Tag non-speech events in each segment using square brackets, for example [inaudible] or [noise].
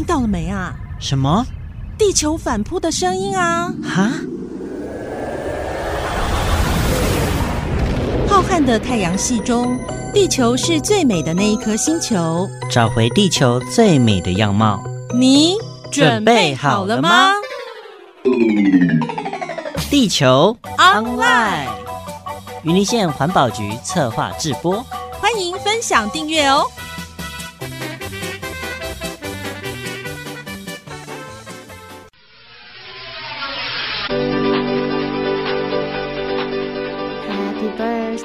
聽到了沒啊？什麼？地球反撲的聲音啊！哈！浩瀚的太陽系中，地球是最美的那一顆星球。找回地球最美的樣貌，你準備好了嗎？了嗎，地球 Online，Online 雲林縣環保局策劃直播，歡迎分享訂閱哦。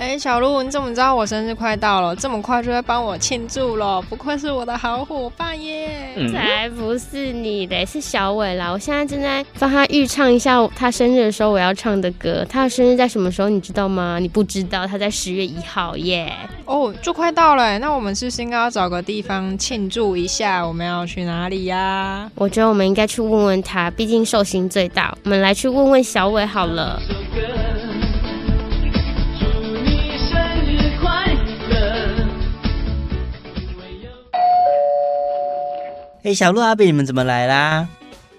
哎，小鷺，你怎麼知道我生日快到了？這麼快就要幫我慶祝了，不愧是我的好夥伴耶！嗯、才不是你的、欸，是小洧啦。我現在正在幫他預唱一下他生日的時候我要唱的歌。他的生日在什麼時候？你知道嗎？你不知道？他在十月一號耶。哦，就快到了、欸。那我們是不是應該要找個地方慶祝一下？我們要去哪裡呀？啊？我覺得我們應該去問問他，畢竟壽星最大。我們來去問問小洧好了。哎、欸，小鷺、阿秉，你們怎麼來啦？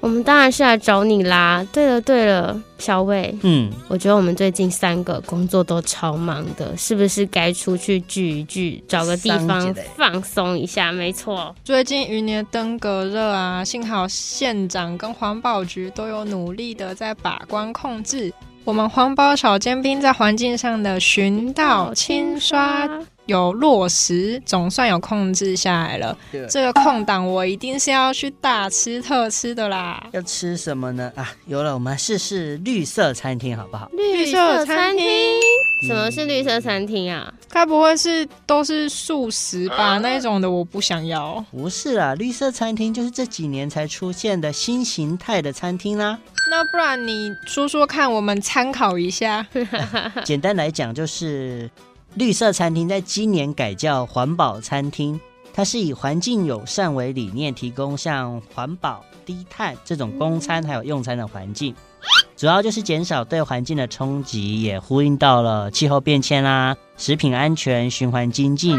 我們當然是來找你啦！對了對了，小洧，嗯，我覺得我們最近三個工作都超忙的，是不是該出去聚一聚，找個地方放鬆一下？沒錯錯，最近雲林登革熱啊，幸好縣長跟環保局都有努力的在把關控制，我們環保小尖兵在環境上的巡、倒、清、刷。有落實，總算有控制下來了。對這個空檔，我一定是要去大吃特吃的啦！要吃什麼呢？啊，有了，我們試試綠色餐廳好不好？綠色餐廳？什麼是綠色餐廳啊？該、嗯、不會是都是素食吧？啊、那種的我不想要。不是啦，綠色餐廳就是這幾年才出現的新形態的餐廳啦、啊。那不然你說說看，我們參考一下。 [laughs] 啊、簡單來講就是。綠色餐廳在今年改叫環保餐廳，它是以環境友善為理念，提供像環保、低碳這種供餐還有用餐的環境，主要就是減少對環境的衝擊，也呼應到了氣候變遷啦、啊、食品安全、循環經濟、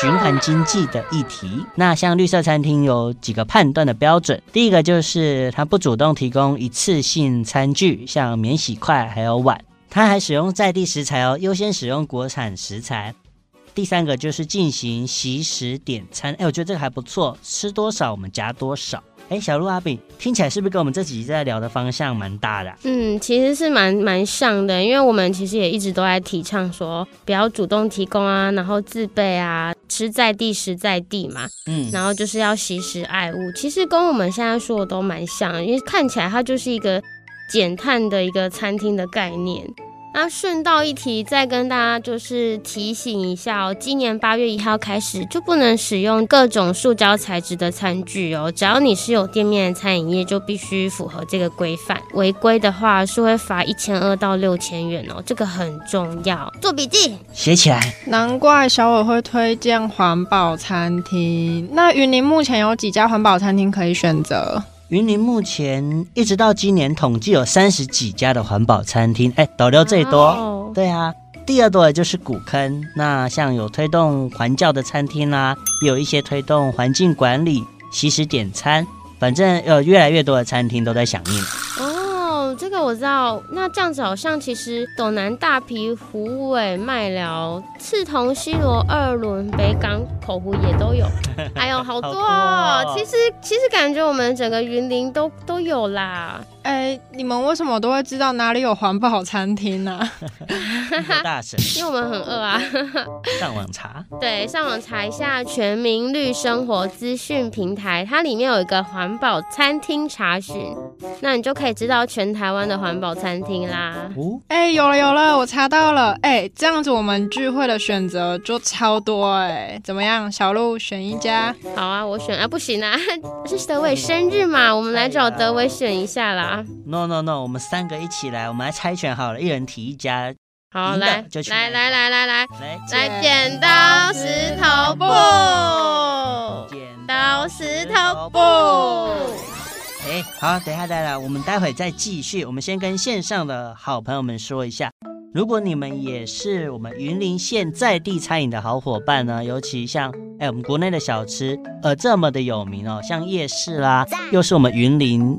循環經濟的議題。那像綠色餐廳有幾個判斷的標準，第一個就是它不主動提供一次性餐具，像免洗筷還有碗。它還使用在地食材哦，優先使用國產食材。第三個就是進行惜食點餐，哎，我覺得這個還不錯，吃多少我們夾多少。哎，小鷺阿秉聽起來是不是跟我們這幾集在聊的方向蠻大的啊？嗯，其實是蠻蠻像的，因為我們其實也一直都在提倡說不要主動提供啊，然後自備啊，吃在地食在地嘛，嗯，然後就是要惜食愛物，其實跟我們現在說的都蠻像，因為看起來它就是一個。減碳的一個餐廳的概念。那順道一提，再跟大家就是提醒一下、喔、今年八月一號開始就不能使用各種塑膠材質的餐具哦、喔。只要你是有店面的餐飲業，就必須符合這個規範。違規的話是會罰一千二到六千元哦、喔，這個很重要。做筆記，寫起來。難怪小洧會推薦環保餐廳。那雲林目前有幾家環保餐廳可以選擇？雲林目前一直到今年統計有三十幾家的環保餐廳，哎，斗六最多，oh. 對啊，第二多的就是古坑。那像有推動環教的餐廳啦、啊，有一些推動環境管理、及時點餐，反正有越來越多的餐廳都在響應。這個我知道，那這樣子好像其實斗南、大埤、虎尾、麥寮、莿桐、西螺、二崙、北港、口湖也都有， [laughs] 哎呦，好多、哦！好多哦、其實其實感覺我們整個雲林都都有啦。哎、欸，你們為什麼都會知道哪裡有環保餐廳呢？啊？大神，因為我們很餓啊。上網查，對，上網查一下全民綠生活資訊平台，它裡面有一個環保餐廳查詢，那你就可以知道全台灣的環保餐廳啦。哦，哎，有了有了，我查到了。哎、欸，這樣子我們聚會的選擇就超多哎、欸。怎麼樣，小鷺選一家？好啊，我選啊、欸，不行啊，是德洧生日嘛，我們來找德洧選一下啦。No no no！我們三個一起來，我們來猜拳好了，一人提一家，贏的就來來來來來來來，剪刀石頭布，剪刀石頭布，剪刀石頭布。哎，好，等一下再來，我們待會再繼續。我們先跟線上的好朋友們說一下，如果你們也是我們雲林縣在地餐飲的好夥伴呢，尤其像哎，我們國內的小吃呃這麼的有名哦，像夜市啦、啊，又是我們雲林。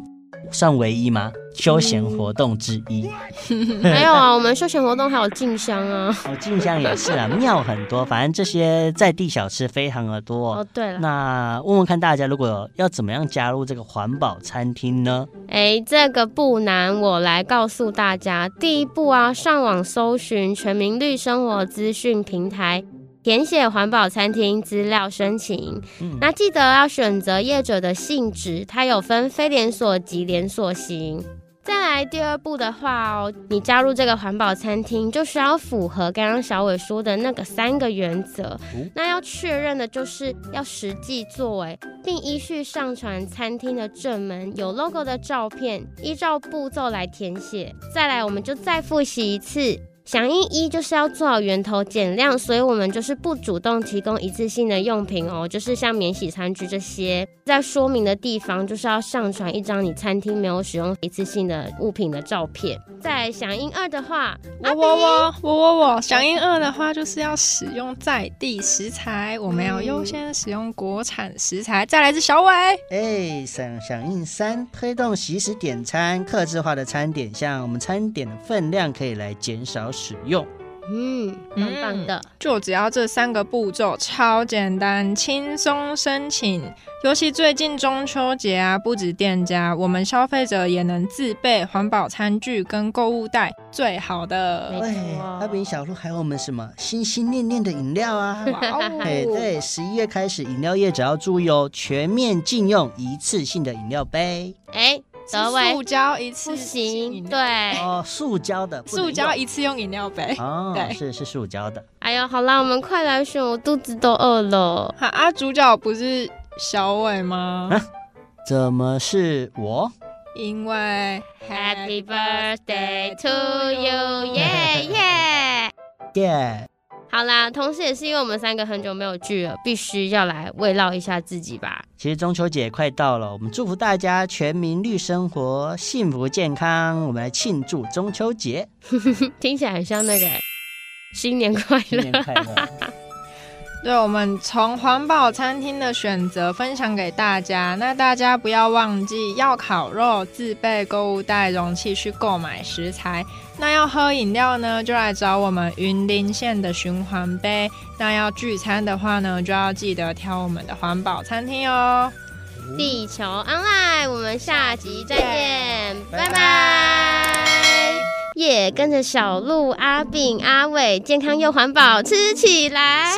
算唯一嗎？休閒活動之一，嗯、 [laughs] [laughs] 沒有啊， [laughs] 我們休閒活動還有進香啊，進 [laughs] 香也是啊，廟很多。反正這些在地小吃非常的多哦。對了，那問問看大家，如果要怎麼樣加入這個環保餐廳呢？哎，這個不難，我來告訴大家，第一步啊，上網搜尋全民綠生活資訊平台。填寫環保餐廳資料申請，那記得要選擇業者的性質，它有分非連鎖及連鎖型。再來第二步的話哦，你加入這個環保餐廳就需要符合剛剛小洧說的那個三個原則。那要確認的就是要實際做哎、欸，並依序上傳餐廳的正門有 logo 的照片，依照步驟來填寫。再來，我們就再複習一次。響應一就是要做好源頭減量，所以我們就是不主動提供一次性的用品哦，就是像免洗餐具這些，在說明的地方就是要上傳一張你餐廳沒有使用一次性的物品的照片。在響應二的話，我我我我我我，響應二的話就是要使用在地食材，我們要優先使用國產食材。再來是小洧，哎、嗯，響響應三，推動即時點餐、客製化的餐點，像我們餐點的分量可以來減少。使用，嗯，蠻棒的，就只要這三個步驟，超簡單，輕鬆申請。尤其最近中秋節啊，不止店家，我們消費者也能自備環保餐具跟購物袋，最好的。對、哦，阿秉小鷺還有我們什麼心心念念的飲料啊？ [laughs] 對，十一月開始，飲料業只要注意哦，全面禁用一次性的飲料杯。哎、欸。是塑膠一次性，對，哦，塑膠的，塑膠一次用飲料杯，哦，對，是是塑膠的。哎呀，好啦，我們快來選，我肚子都餓了。好啊，主角不是小洧嗎？啊、怎麼是我？因為 Happy birthday to you, 耶耶耶。 [laughs] yeah. 好啦，同時也是因為我們三個很久沒有聚了，必須要來慰勞一下自己吧。其實中秋節快到了，我們祝福大家全民綠生活，幸福健康。我們來慶祝中秋節， [laughs] 聽起來很像那個新年快樂。 [laughs] 對，我們從環保餐廳的選擇分享給大家。那大家不要忘記要烤肉，自備購物袋、容器去購買食材。那要喝飲料呢，就來找我們雲林縣的循環杯。那要聚餐的話呢，就要記得挑我們的環保餐廳哦。地球安奈，我們下集再見，集拜拜。耶拜，yeah, 跟着小鷺、阿秉、阿偉，健康又環保，吃起來。